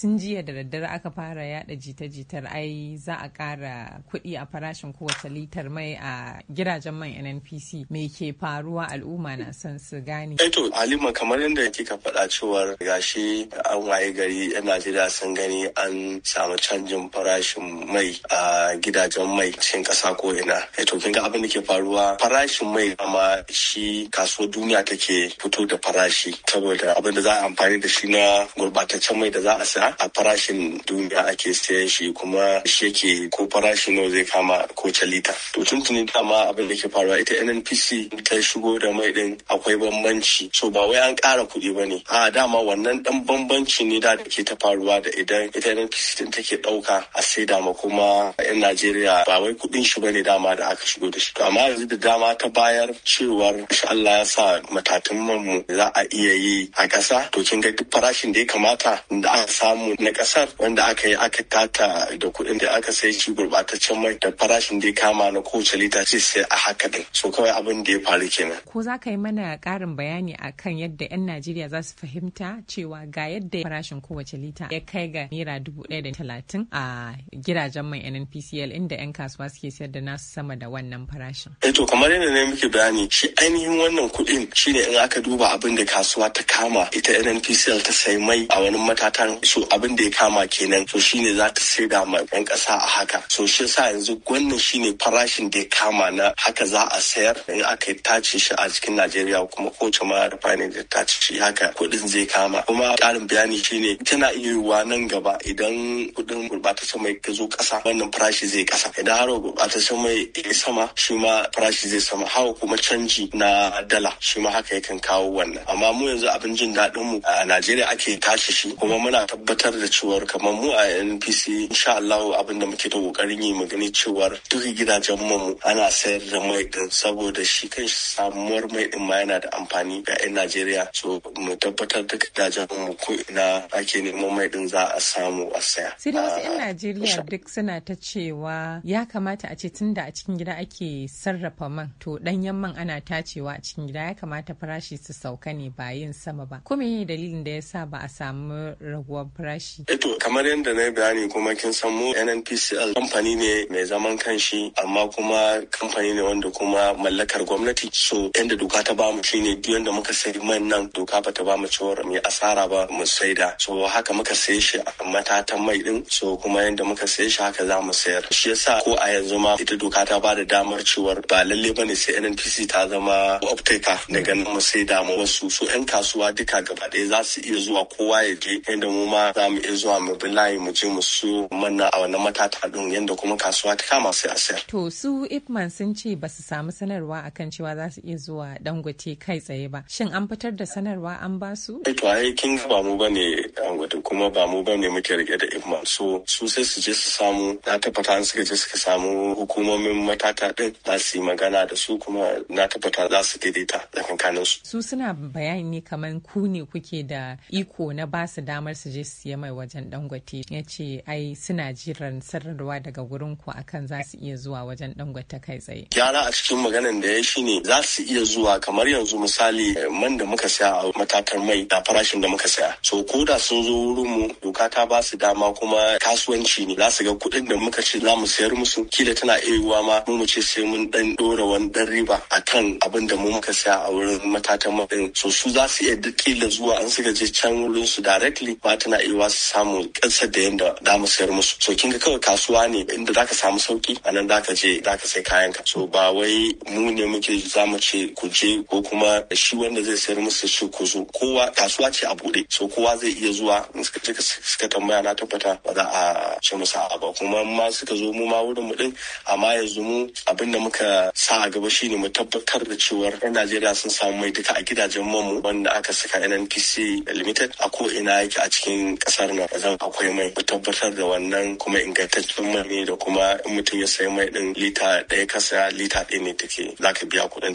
Sun jiya da daddare aka fara yada jita-jitar ai za a kara kuɗi a farashin kowace litar mai a gidajen man nnpc me ke faruwa al'umma na son su gane eh to alima kamar yadda kika faɗa cewar gashi an waye gari yan najeriya sun gani an samu canjin farashin mai a gidajen mai cikin ƙasa ko ina eh to kin ga abin da ke faruwa farashin mai amma shi kasuwar duniya take fito da farashi saboda abin da za a amfani da shi na gurbataccen mai da za a sa a farashin duniya ake sayan shi kuma shi yake ko farashin nawa zai kama ko calita to tuntuni dama abin da ke faruwa ita nnpc ta shigo da mai din akwai bambanci so ba wai an ƙara kuɗi ba ne a dama wannan ɗan bambanci ne da ke ta faruwa da idan ita nnpc din take ɗauka a sai dama kuma yan najeriya ba wai kuɗin shi ba ne dama da aka shigo da shi to amma yanzu da dama ta bayar cewar insha Allah ya sa matatun mu za a iya yi a ƙasa to kin ga duk farashin da ya kamata da aka samu mu na kasar wanda aka yi aka taka da kuɗin da aka sai shi gurbataccen mai da farashin da ya kama na kowace lita ce sai a haka din so kawai abin da ya faru kenan ko za ka yi mana ƙarin bayani a kan yadda 'yan Najeriya za su fahimta cewa ga yadda farashin kowace lita ya kai ga naira dubu ɗaya da talatin a gidajen mai NNPCL inda 'yan kasuwa suke sayar da nasu sama da wannan farashin. Eh to kamar yadda na muke bayani shi ainihin wannan kuɗin shine in aka duba abin da kasuwa ta kama ita NNPCL ta sai mai a wani matatan so abin da ya kama kenan to shine za ta sai ma yan kasa a haka so shi sa yanzu wannan shine farashin da ya kama na haka za a sayar in aka tace shi a cikin Najeriya kuma kowace ma refinery da tace shi haka Kudin zai kama kuma karin bayani shine tana iya yiwuwa nan gaba idan kuɗin gurɓataccen mai ta zo kasa, wannan farashi zai kasa. idan har gurɓataccen mai ya sama shi ma farashi zai sama hawa kuma canji na dala shi ma haka yakan kawo wannan amma mu yanzu abin jin daɗin mu a Najeriya ake tashi shi kuma muna tabbatar tabbatar da cewar kamar mu a NPC insha Allah abin da muke ta kokarin yi mu gani cewar duk gidajen mu ana sayar da mai din saboda shi kan samuwar mai din ma yana da amfani ga 'yan Najeriya so mu tabbatar da gidajen mu ko ina ake neman mai din za a samu a saya. Sai da wasu 'yan ah, Najeriya duk suna ta cewa ya kamata a ce tunda a cikin gida ake sarrafa man to danyen man ana tacewa a cikin gida ya kamata farashi su sauka ne ba yin sama ba. Kuma dalilin da ya sa ba a samu raguwar farashi farashi. Eto kamar yadda na yi bayani kuma kin san mu NNPCL kamfani ne mai zaman kanshi amma kuma kamfani ne wanda kuma mallakar gwamnati so yadda doka ta b'a mu shine duk yadda muka sayi man nan doka ba ta mu cewar mu asara ba mu saida so haka muka saye shi a matatan mai din so kuma yadda muka saye shi haka za mu sayar shi yasa ko a yanzu ma ita doka ta ba da damar cewar ba lalle bane sai NNPC ta zama optaker daga nan mu saida mu wasu so 'yan kasuwa duka gaba ɗaya za su iya zuwa kowa ya je yadda mu ma za mu iya zuwa mu bi layi mu je mu su manna a wannan matata din yadda kuma kasuwa ta kama sai a sayar. To su Ipman sun ce ba su samu sanarwa akan cewa za su iya zuwa Dangote kai tsaye ba. Shin an fitar da sanarwa an ba su? Eh to ai kin ba mu bane Dangote kuma ba mu bane muke rike da Ipman so su sai su je su samu na tabbata an suka je suka samu hukumomin matata din za su yi magana da su kuma na tabbata za su daidaita tsakankanin su. Su suna bayani kamar ku ne kuke da iko na ba su damar su je siya mai wajen dangote ya ce ai suna jiran sararwa daga wurin ku akan za su iya zuwa wajen dangote kai tsaye gyara a cikin maganan da ya shine za su iya zuwa kamar yanzu misali eh, man da muka saya a matatar mai da farashin da muka saya so ko da sun zo wurin mu doka ta ba su dama kuma kasuwanci ne za su ga kuɗin da muka ce za mu sayar musu kila tana iya ma mu mu ce sai mun dan dora wani dan riba akan abin da mu muka saya a wurin matatar mai so su za su iya kila zuwa an suka je can wurin su directly ba tana yiwuwa su samu ƙasar da yadda da mu sayar musu so kinga kawai kasuwa ne inda zaka samu sauki a nan zaka je zaka sai kayan ka so ba wai mu ne muke zamu ce ku je ko kuma shi wanda zai sayar musu shi ku zo kowa kasuwa ce a buɗe so kowa zai iya zuwa in suka tambaya na tabbata ba za a ce musu a ba kuma ma suka zo mu ma wurin mu din amma yanzu mu abinda muka sa a gaba shine mu tabbatar da cewa 'yan Najeriya sun samu mai duka a gidajen mamu wanda aka saka NNPC Limited a ko ina yake a cikin kasar nan zan akwai mai mu tabbatar da wannan kuma ingantaccen mai ne da kuma in mutum ya sayi mai din lita ɗaya kasa lita ɗaya ne take zaka biya kuɗin